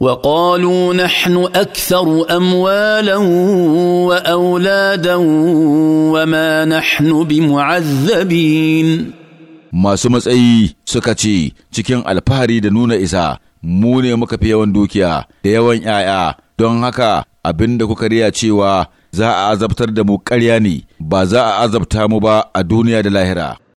وقالوا نحن اكثر اموالا واولادا وما نحن بمعذبين masu matsayi suka ce cikin alfahari da nuna isa mu ne muka fi yawan dukiya da yawan ‘ya'ya don haka abin da kuka riya cewa za a azabtar da mu ƙarya ne ba za a azabta mu ba a duniya da lahira.